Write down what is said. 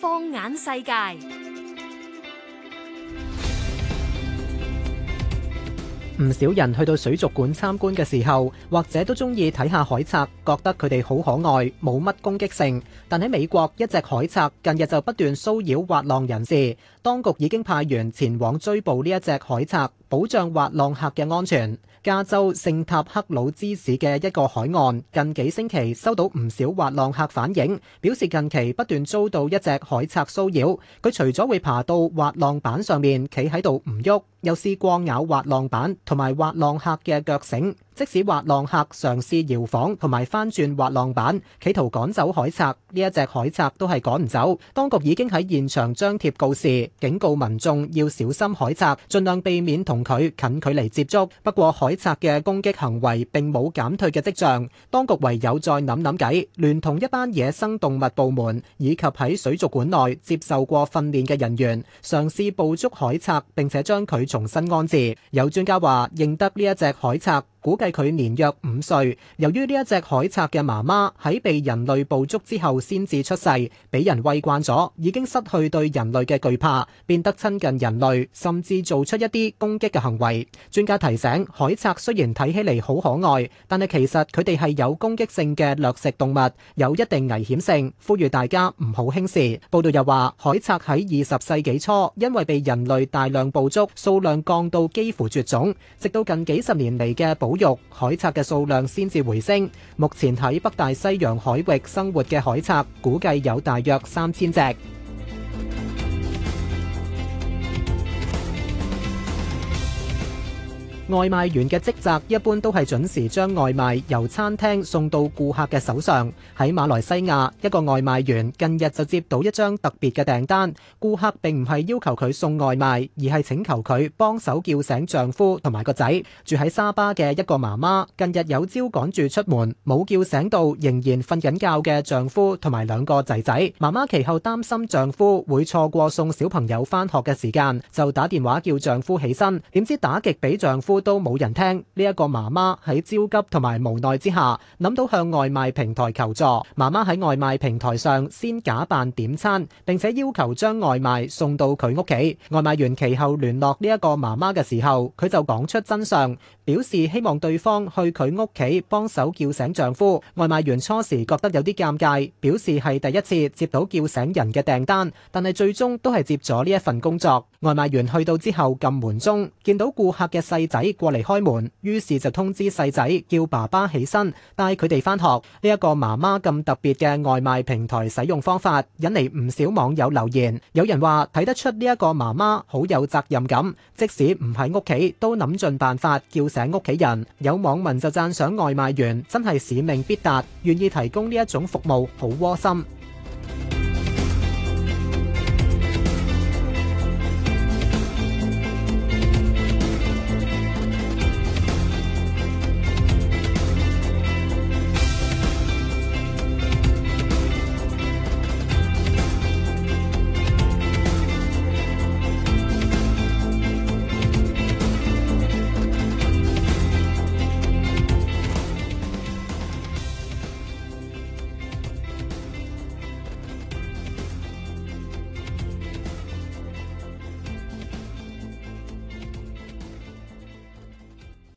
放眼世界，唔少人去到水族館參觀嘅時候，或者都中意睇下海獺，覺得佢哋好可愛，冇乜攻擊性。但喺美國，一隻海獺近日就不斷騷擾滑浪人士，當局已經派員前往追捕呢一隻海獺，保障滑浪客嘅安全。加州聖塔克魯茲市嘅一個海岸，近幾星期收到唔少滑浪客反映，表示近期不斷遭到一隻海獺騷擾，佢除咗會爬到滑浪板上面企喺度唔喐，又試過咬滑浪板同埋滑浪客嘅腳繩。即使滑浪客嘗試搖晃同埋翻轉滑浪板，企圖趕走海獺，呢一隻海獺都係趕唔走。當局已經喺現場張貼告示，警告民眾要小心海獺，盡量避免同佢近距離接觸。不過，海獺嘅攻擊行為並冇減退嘅跡象。當局唯有再諗諗計，聯同一班野生動物部門以及喺水族館內接受過訓練嘅人員，嘗試捕捉海獺，並且將佢重新安置。有專家話認得呢一隻海獺。估計佢年約五歲。由於呢一隻海獺嘅媽媽喺被人類捕捉之後先至出世，俾人餵慣咗，已經失去對人類嘅懼怕，變得親近人類，甚至做出一啲攻擊嘅行為。專家提醒，海獺雖然睇起嚟好可愛，但係其實佢哋係有攻擊性嘅掠食動物，有一定危險性，呼籲大家唔好輕視。報道又話，海獺喺二十世紀初因為被人類大量捕捉，數量降到幾乎絕種，直到近幾十年嚟嘅保海獺嘅數量先至回升。目前喺北大西洋海域生活嘅海獺估計有大約三千隻。外賣員嘅職責一般都係準時將外賣由餐廳送到顧客嘅手上。喺馬來西亞，一個外賣員近日就接到一張特別嘅訂單，顧客並唔係要求佢送外賣，而係請求佢幫手叫醒丈夫同埋個仔。住喺沙巴嘅一個媽媽近日有朝趕住出門，冇叫醒到仍然瞓緊覺嘅丈夫同埋兩個仔仔。媽媽其後擔心丈夫會錯過送小朋友返學嘅時間，就打電話叫丈夫起身，點知打極俾丈夫。都冇人聽。呢一個媽媽喺焦急同埋無奈之下，諗到向外賣平台求助。媽媽喺外賣平台上先假扮點餐，並且要求將外賣送到佢屋企。外賣員其後聯絡呢一個媽媽嘅時候，佢就講出真相，表示希望對方去佢屋企幫手叫醒丈夫。外賣員初時覺得有啲尷尬，表示係第一次接到叫醒人嘅訂單，但係最終都係接咗呢一份工作。外賣員去到之後，撳門鐘，見到顧客嘅細仔。過嚟開門，於是就通知細仔叫爸爸起身帶佢哋翻學。呢一個媽媽咁特別嘅外賣平台使用方法，引嚟唔少網友留言。有人話睇得出呢一個媽媽好有責任感，即使唔喺屋企都諗盡辦法叫醒屋企人。有網民就讚賞外賣員真係使命必達，願意提供呢一種服務好窩心。